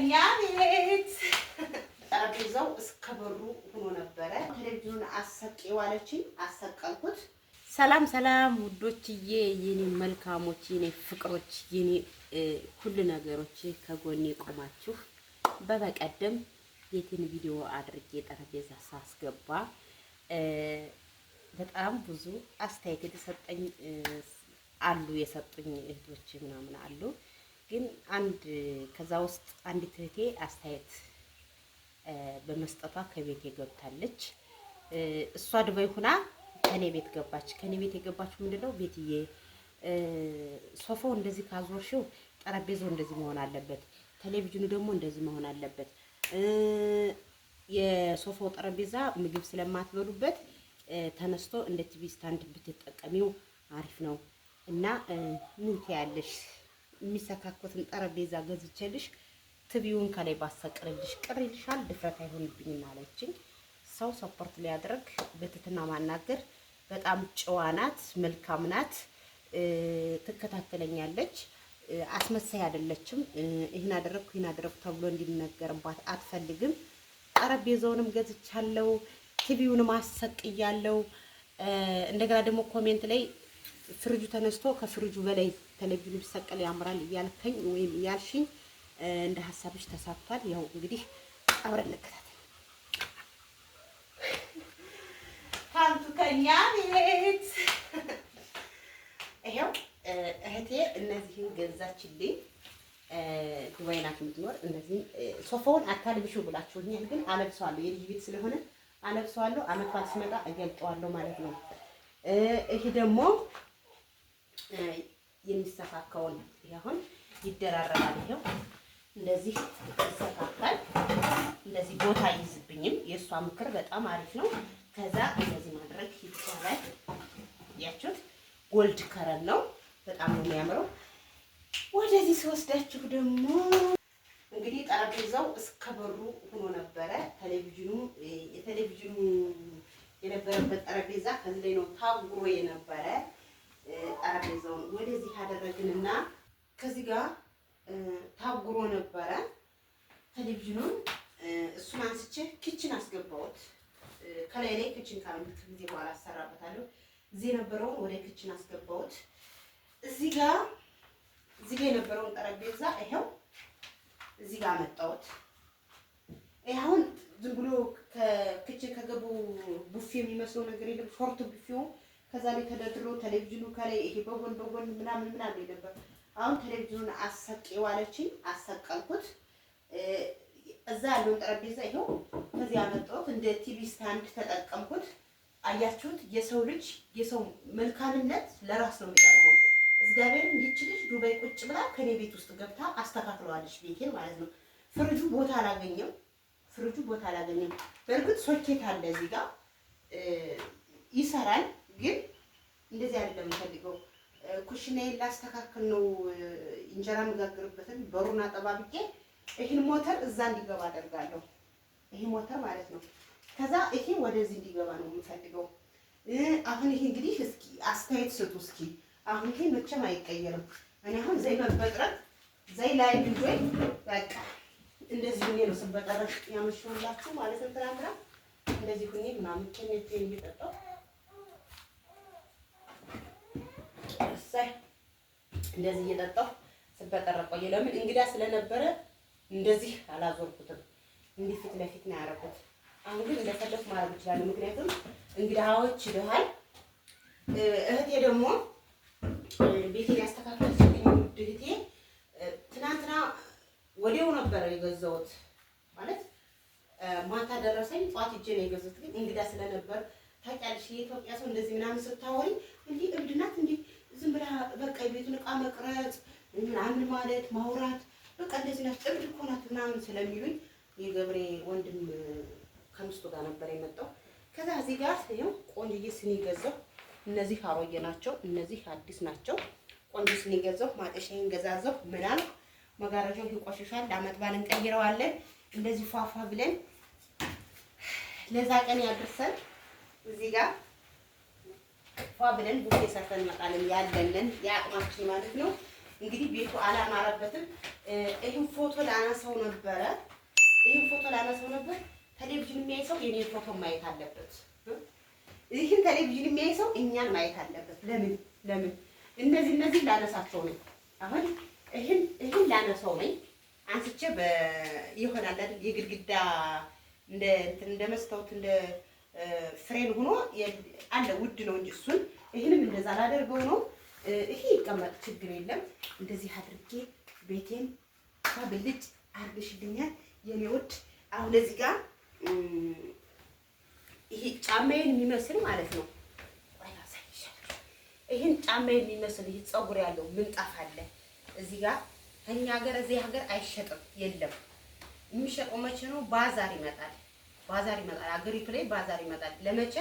እኛ ቤት ጠረጴዛው እስከ በሩ ሆኖ ነበረ። ቴሌቪዥኑን አሰቅዬ ዋለችኝ፣ አሰቀልኩት። ሰላም ሰላም ውዶችዬ፣ የኔ መልካሞች፣ የኔ ፍቅሮች፣ የኔ ሁሉ ነገሮች ከጎኔ ቆማችሁ በበቀደም የቴን ቪዲዮ አድርጌ ጠረጴዛ ሳስገባ በጣም ብዙ አስተያየት የተሰጠኝ አሉ የሰጡኝ እህቶች ምናምን አሉ ግን አንድ ከዛ ውስጥ አንዲት እህቴ አስተያየት በመስጠቷ ከቤት ገብታለች። እሷ ድባይ ሁና ከኔ ቤት ገባች። ከኔ ቤት የገባችው ምንድነው ቤትዬ ሶፋው እንደዚህ ካዞርሽው ጠረጴዛው እንደዚህ መሆን አለበት፣ ቴሌቪዥኑ ደግሞ እንደዚህ መሆን አለበት። የሶፋው ጠረጴዛ ምግብ ስለማትበሉበት ተነስቶ እንደ ቲቪ ስታንድ ብትጠቀሚው አሪፍ ነው እና ምን ትያለሽ? የሚሰካኩትን ጠረጴዛ ገዝቼልሽ ትቢውን ከላይ ባሰቅርልሽ ቅር ይልሻል፣ ድፍረት አይሆንብኝም አለችኝ። ሰው ሰፖርት ሊያደርግ በትትና ማናገር በጣም ጨዋ ናት፣ መልካም ናት፣ ትከታተለኛለች፣ አስመሳይ አይደለችም። ይህን አደረግኩ ይህን አደረግኩ ተብሎ እንዲነገርባት አትፈልግም። ጠረጴዛውንም ገዝቻለሁ፣ ቲቪውንም አሰቅያለሁ። እንደገና ደግሞ ኮሜንት ላይ ፍርጁ ተነስቶ ከፍርጁ በላይ ቴሌቪዥን ቢሰቀል ያምራል እያልከኝ ወይም እያልሽኝ እንደ ሀሳብሽ ተሳክቷል። ያው እንግዲህ አብረን እንከታተል። ፓንቱ ከኛ ቤት ይኸው እህቴ እነዚህን ገዛችልኝ። ዱባይ ናት የምትኖር። እነዚህን ሶፋውን አታልብሽው ብላችሁኛል፣ ግን አለብሰዋለሁ። የልጅ ቤት ስለሆነ አለብሰዋለሁ። አመት በዓል ሲመጣ እገልጠዋለሁ ማለት ነው። ይሄ ደግሞ የሚሰካከውን አሁን ይደራረባል። ይኸው እንደዚህ ይሰካካል። እንደዚህ ቦታ አይይዝብኝም። የእሷ ምክር በጣም አሪፍ ነው። ከዛ እንደዚህ ማድረግ ይቻላል። ያችሁት ጎልድ ከረን ነው። በጣም ነው የሚያምረው። ወደዚህ ስወስዳችሁ ደግሞ እንግዲህ ጠረጴዛው እስከ በሩ ሆኖ ነበረ። ቴሌቪዥኑ የቴሌቪዥኑ የነበረበት ጠረጴዛ ከዚህ ላይ ነው ታጉሮ የነበረ ጠረጴዛውን ወደዚህ ያደረግንና ከዚህ ጋር ታጉሮ ነበረ ቴሌቪዥኑን። እሱን አንስቼ ኪችን አስገባሁት። ከላይ ላይ ክችን ካሉት ጊዜ በኋላ አሰራበታለሁ። እዚህ የነበረውን ወደ ክችን አስገባሁት። እዚህ ጋር እዚህ ጋር የነበረውን ጠረጴዛ ይኸው እዚህ ጋር አመጣሁት። አሁን ዝም ብሎ ከክችን ከገቡ ቡፌ የሚመስለው ነገር የለም። ሾርት ቡፌው ከዛ ላይ ተደርድሮ ቴሌቪዥኑ ከላይ ይሄ በጎን በጎን ምናምን ምናምን ነበር። አሁን ቴሌቪዥኑን አሰቅ የዋለችኝ አሰቀልኩት። እዛ ያለውን ጠረጴዛ ይኸው ከዚህ ያመጣሁት እንደ ቲቪ ስታንድ ተጠቀምኩት። አያችሁት? የሰው ልጅ የሰው መልካምነት ለራስ ነው የሚጠቅመው። እግዚአብሔርን ይች ልጅ ዱባይ ቁጭ ብላ ከኔ ቤት ውስጥ ገብታ አስተካክለዋለች ቤቴን ማለት ነው። ፍርጁ ቦታ አላገኘም፣ ፍርጁ ቦታ አላገኘም። በእርግጥ ሶኬት አለ እዚህ ጋር ይሰራል ግን እንደዚህ አይደለም የምፈልገው። ኩሽናዬን ላስተካክል ነው። እንጀራ መጋግርበትን በሩን አጠባብቄ ይህን ሞተር እዛ እንዲገባ አደርጋለሁ። ይህ ሞተር ማለት ነው። ከዛ ይሄ ወደዚህ እንዲገባ ነው የምፈልገው። አሁን ይሄ እንግዲህ እስኪ አስተያየት ስጡ እስኪ። አሁን ይሄ መቼም አይቀየርም። እኔ አሁን ዘይ መበጥረት ዘይ ላይ በቃ እንደዚህ ሁኔ ነው ማለት ነው። ትናንትና እንደዚህ ሁኔ ምናምን እሰይ እንደዚህ እየጠጣሁ ስበጠረ ቆየ። ለምን እንግዳ ስለነበረ እንደዚህ አላዞርኩትም። እንዲህ ፊት ለፊት ነው ያደረኩት። አሁን ግን እንደፈለኩ ማድረግ ይችላል። ምክንያቱም እንግዳዎች ይደሃል። እህቴ ደግሞ ቤቴን ያስተካከለችልኝ ውድ እህቴ ትናንትና ወዲያው ነበረ የገዛሁት ማለት ማታ ደረሰኝ፣ ጠዋት እጄ ነው የገዛሁት። ግን እንግዳ ስለነበር ታውቂያለሽ፣ የኢትዮጵያ ሰው እንደዚህ ምናምን ስታወሪ እንዲህ እብድናት እንዲህ ዝም ብላ በቃ የቤቱን ዕቃ መቅረጽ ምናምን ማለት ማውራት በቃ እንደዚህ ናት፣ ጥብድ እኮ ናት ምናምን ስለሚሉኝ የገብሬ ወንድም ከሚስቱ ጋር ነበር የመጣው። ከዛ እዚህ ጋር ይኸው ቆንጆዬ ስኒ ገዛው። እነዚህ አሮጌ ናቸው፣ እነዚህ አዲስ ናቸው። ቆንጆ ስኒ ገዛው፣ ማጨሻዬን ገዛዘው። ምናል መጋረጃው ይቆሽሻል፣ ለአመት በዓል እንቀይረዋለን። እንደዚህ ፏፏ ብለን ለዛ ቀን ያደርሰን እዚህ ጋር ፏ ብለን ቡፌ ሰርተን እንመጣለን። ያለንን የአቅማችን ማለት ነው። እንግዲህ ቤቱ አላማረበትም። ይህን ፎቶ ላነሰው ነበረ። ይህን ፎቶ ላነሰው ነበር። ቴሌቪዥን የሚያይ ሰው የኔ ፎቶ ማየት አለበት። ይህን ቴሌቪዥን የሚያይ ሰው እኛን ማየት አለበት። ለምን ለምን እነዚህ እነዚህ ላነሳቸው ነኝ። አሁን ይህን ይህን ላነሰው ነኝ። አንስቼ በ ይሆናል የግድግዳ እንደ እንደ መስታወት እንደ ፍሬን ሆኖ አለ። ውድ ነው እንጂ እሱን ይህንም እንደዛ ላደርገው ነው። ይሄ ይቀመጥ ችግር የለም። እንደዚህ አድርጌ ቤቴን ብልጭ አድርገሽልኛል የኔ ውድ። አሁን እዚህ ጋር ይሄ ጫማዬን የሚመስል ማለት ነው። ይህን ጫማዬን የሚመስል ይህ ፀጉር ያለው ምንጣፍ አለ እዚህ ጋር ከእኛ ሀገር እዚህ ሀገር አይሸጥም፣ የለም። የሚሸጠው መቼ ነው? ባዛር ይመጣል። ባዛር ይመጣል፣ አገሪቱ ላይ ባዛር ይመጣል። ለመቼ?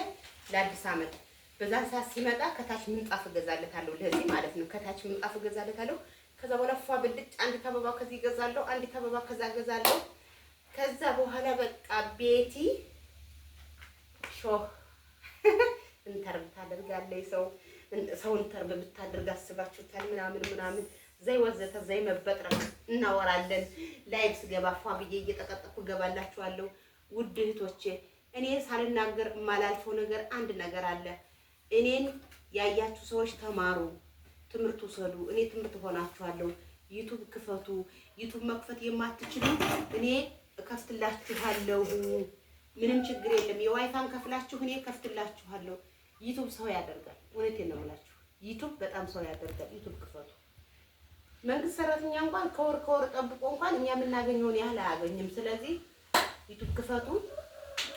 ለአዲስ ዓመት። በዛን ሰዓት ሲመጣ ከታች ምንጣፍ እገዛለታለሁ፣ ለዚህ ማለት ነው። ከታች ምንጣፍ እገዛለታለሁ። ከዛ በኋላ ፏ ብልጭ አንዲት አበባ ከዚህ እገዛለሁ፣ አንዲት አበባ ከዛ እገዛለሁ። ከዛ በኋላ በቃ ቤቲ ሾህ እንተርብ ታደርጋለች። ሰው ሰው እንተርብ ብታደርግ አስባችሁታል? ምናምን ምናምን ዘይ ወዘተ ዘይ መበጥረቅ እናወራለን። ላይቭ ስገባ ፏ ብዬ እየጠቀጠኩ እገባላችኋለሁ። ውድ እህቶቼ እኔ ሳልናገር የማላልፈው ነገር አንድ ነገር አለ። እኔን ያያችሁ ሰዎች ተማሩ፣ ትምህርት ውሰዱ። እኔ ትምህርት ሆናችኋለሁ። ዩቱብ ክፈቱ። ዩቱብ መክፈት የማትችሉ እኔ እከፍትላችኋለሁ። ምንም ችግር የለም። የዋይፋን ከፍላችሁ እኔ ከፍትላችኋለሁ። ዩቱብ ሰው ያደርጋል። እውነቴን ነው የምላችሁ። ዩቱብ በጣም ሰው ያደርጋል። ዩቱብ ክፈቱ። መንግስት ሰራተኛ እንኳን ከወር ከወር ጠብቆ እንኳን እኛ የምናገኘውን ያህል አያገኝም። ስለዚህ ዩቱብ ክፈቱ።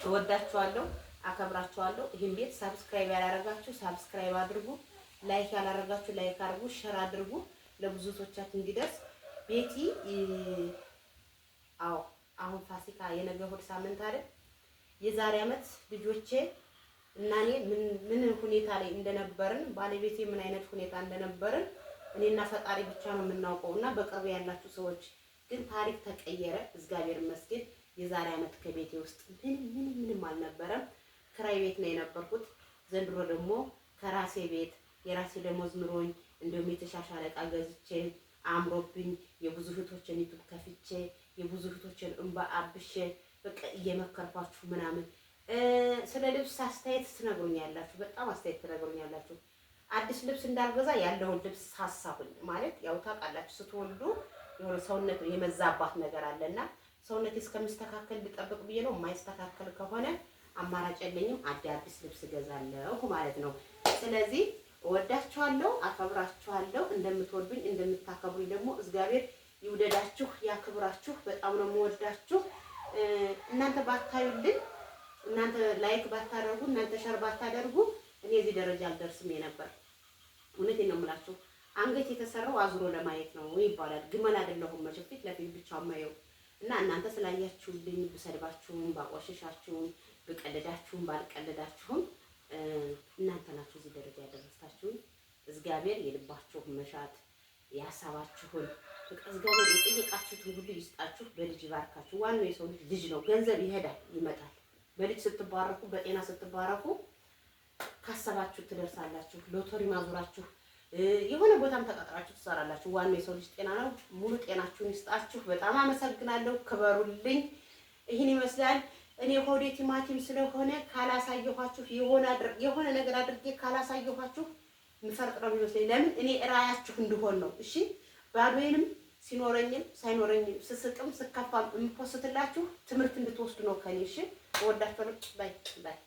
እወዳችኋለሁ፣ አከብራችኋለሁ። ይህን ቤት ሳብስክራይብ ያላረጋችሁ ሳብስክራይብ አድርጉ፣ ላይክ ያላረጋችሁ ላይክ አድርጉ፣ ሸር አድርጉ ለብዙ ሰዎቻችን እንዲደርስ ቤቲ። አዎ አሁን ፋሲካ የነገ እሑድ ሳምንት አይደል? የዛሬ ዓመት ልጆቼ እና እኔ ምን ሁኔታ ላይ እንደነበርን ባለቤቴ ምን አይነት ሁኔታ እንደነበርን እኔና ፈጣሪ ብቻ ነው የምናውቀው እና በቅርብ ያላችሁ ሰዎች ግን ታሪክ ተቀየረ፣ እግዚአብሔር ይመስገን። የዛሬ ዓመት ከቤቴ ውስጥ ምንም ምንም ምንም አልነበረም። ክራይ ቤት ነው የነበርኩት። ዘንድሮ ደግሞ ከራሴ ቤት የራሴ ደሞዝ ኑሮኝ እንዲሁም የተሻሻለ ዕቃ ገዝቼ አምሮብኝ የብዙ እህቶችን ዩቱብ ከፍቼ የብዙ እህቶችን እንባ አብሼ በቃ እየመከርኳችሁ ምናምን ስለ ልብስ አስተያየት ትነግሩኛላችሁ። በጣም አስተያየት ትነግሩኛላችሁ። አዲስ ልብስ እንዳልገዛ ያለውን ልብስ ሳሳሁኝ ማለት ያው ታውቃላችሁ፣ ስትወልዱ የሆነ ሰውነት የመዛባት ነገር አለና ሰውነት እስከሚስተካከል ልጠብቅ ብዬ ነው። የማይስተካከል ከሆነ አማራጭ የለኝም፣ አዳዲስ ልብስ እገዛለሁ ማለት ነው። ስለዚህ እወዳችኋለሁ፣ አከብራችኋለሁ። እንደምትወዱኝ እንደምታከብሩኝ ደግሞ እግዚአብሔር ይውደዳችሁ፣ ያክብራችሁ። በጣም ነው የምወዳችሁ። እናንተ ባታዩልኝ፣ እናንተ ላይክ ባታደርጉ፣ እናንተ ሸር ባታደርጉ እኔ እዚህ ደረጃ አልደርስም ነበር። እውነቴን ነው የምላችሁ። አንገት የተሰራው አዙሮ ለማየት ነው ይባላል። ግመል አይደለሁም መቼም ፊት ለፊት ብቻ ማየው እና እናንተ ስላያችሁልኝ ብሰድባችሁም ባቆሸሻችሁም ብቀልዳችሁም ባልቀልዳችሁም እናንተ ናችሁ እዚህ ደረጃ ያደረሳችሁኝ። እግዚአብሔር የልባችሁ መሻት ያሳባችሁን እግዚአብሔር የጠየቃችሁትን ሁሉ ይስጣችሁ፣ በልጅ ይባርካችሁ። ዋናው የሰው ልጅ ልጅ ነው። ገንዘብ ይሄዳል ይመጣል። በልጅ ስትባረኩ፣ በጤና ስትባረኩ ካሰባችሁ ትደርሳላችሁ። ሎተሪ ማዙራችሁ የሆነ ቦታም ተቀጥራችሁ ትሰራላችሁ። ዋናው የሰው ልጅ ጤና ነው። ሙሉ ጤናችሁን ይስጣችሁ። በጣም አመሰግናለሁ። ክበሩልኝ። ይህን ይመስላል። እኔ ሆዴ ቲማቲም ስለሆነ ካላሳየኋችሁ የሆነ ነገር አድርጌ ካላሳየኋችሁ ምፈርጥ ነው የሚመስለኝ። ለምን እኔ እራያችሁ እንድሆን ነው። እሺ ባዶዬንም ሲኖረኝም ሳይኖረኝም ስስቅም ስከፋም የምፖስትላችሁ ትምህርት እንድትወስዱ ነው ከኔ። እሺ እወዳችኋለሁ። ባይ ባይ